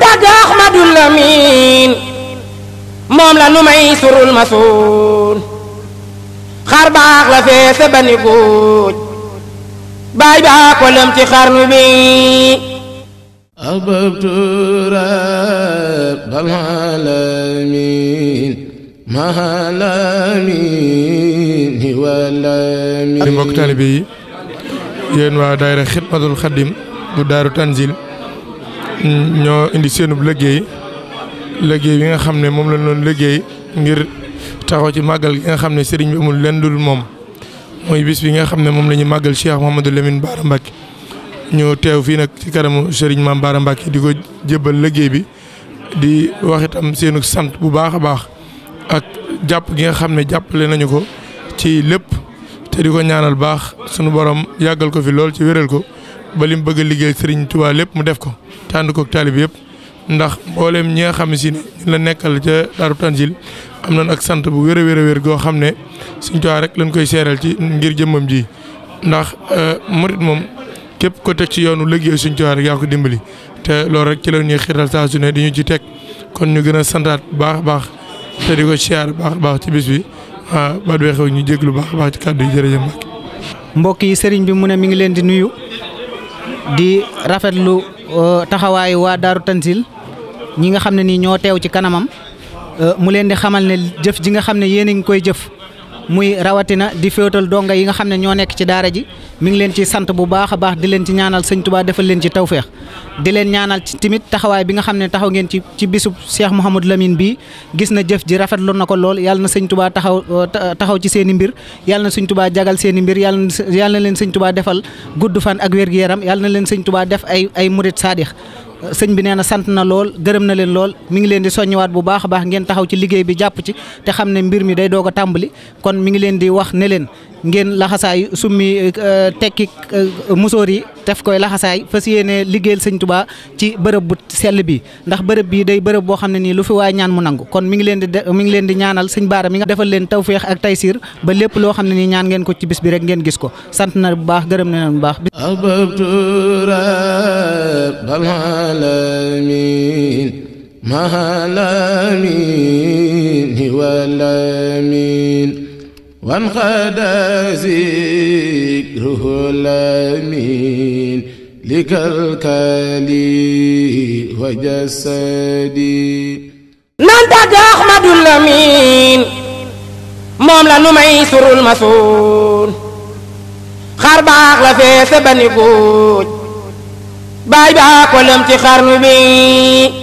tàgg Ahmadul Amin moom la nu may surul masuun xar baax la feese ba ni góoj baay baa ko lëm ci xarnu bi أحببت رب العالمين مع العالمين والعالمين mbokk taalibe yi yéen waa daayira Xidmatul Xadim bu Daaru Tanzil ñoo indi seenub liggéey liggéey bi nga xam ne moom lañ doon liggéey ngir taxaw ci màggal gi nga xam ne sëriñ bi mu lenn dul moom mooy bis bi nga xam ne moom la ñu màggal Cheikh Mouhamadou Lamine Bara Mbacké ñu teew fii nag ci kanamu sëriñ Maam Bara Mbacké di ko jébbal liggéey bi di wax itam seenu sant bu baax a baax ak jàpp gi nga xam ne jàppale nañu ko ci lépp te di ko ñaanal baax sunu borom yàggal ko fi lool ci wéral ko ba li mu bëgg a liggéey Serigne Touba lépp mu def ko te ànd koog taalib yëpp ndax mboolem ñi nga xam si ne ñu la nekkal ca Daaru Tanzil am na ak sant bu wér a wér a wér goo xam ne Serigne Touba rek lañ koy seeral ci ngir jëmmam ji ndax euh, murit moom képp ko teg ci yoonu liggéey Serigne Touba rek yaa ko dimbali te loolu rek ci la ñuy xiral saa su ne di ñu ci teg kon ñu gën a santaat baax a baax te di ko siyaar baax baax ci bis bi ba du xew ñu jéglu baax a baax ci kàddu yi mbokk yi Serigne bi mu ne mi ngi leen di nuyu. di rafetlu euh, taxawaayu waa Daaru Tanzil ñi nga xam ne nii ñoo teew ci kanamam euh, mu leen di xamal ne jëf ji nga xam ne yéen a ngi koy jëf muy rawatina di féetal donga yi nga xam ne ñoo nekk ci daara ji mi ngi leen ci sant bu baax a baax di leen ci ñaanal sëñ Tuubaa defal leen ci tawféex di leen ñaanal ci taxawaay bi nga xam ne taxaw ngeen ci ci bisub Cheikh Mouhamadou bii gis na jëf ji rafetlu na ko lool yàlla na sëñ Tuubaa taxaw taxaw ci seeni mbir yàlla na sëñ Tuubaa jagal seen i mbir yàlla na yàlla leen sëñ Tuubaa defal gudd fan ak wér-gu-yaram yàlla na leen sëñ Tuubaa def ay ay murit saadix sëñ bi nee na sant na lool gërëm na leen lool mi ngi leen di soññiwaat bu baax baax ngeen taxaw ci liggéey bi jàpp ci te xam ne mbir mi day doog a tàmbali kon mi ngi leen di wax ne leen ngeen laxasaay summi euh, tekki euh, musóor yi def koy laxasaay fas yéene liggéeyal sëñ tubaa ci bërëb bu sell bi ndax bërëb bi day bërëb boo xam ne nii lu fi waay ñaan mu nangu kon mi ngi leen di mi ngi leen di ñaanal sëñ Baara mi nga defal leen tawféex ak taysiir ba lépp loo xam ne nii ñaan ngeen ko ci bis bi rek ngeen gis ko sant na العالمين مع الأمين والأمين وانقاد ذكره الأمين لكالكالي وجسدي ننتج أحمد الأمين moom la nu may surul masuun xar baax la fee sa bani góoj baay baa ko lëm ci xarnu bi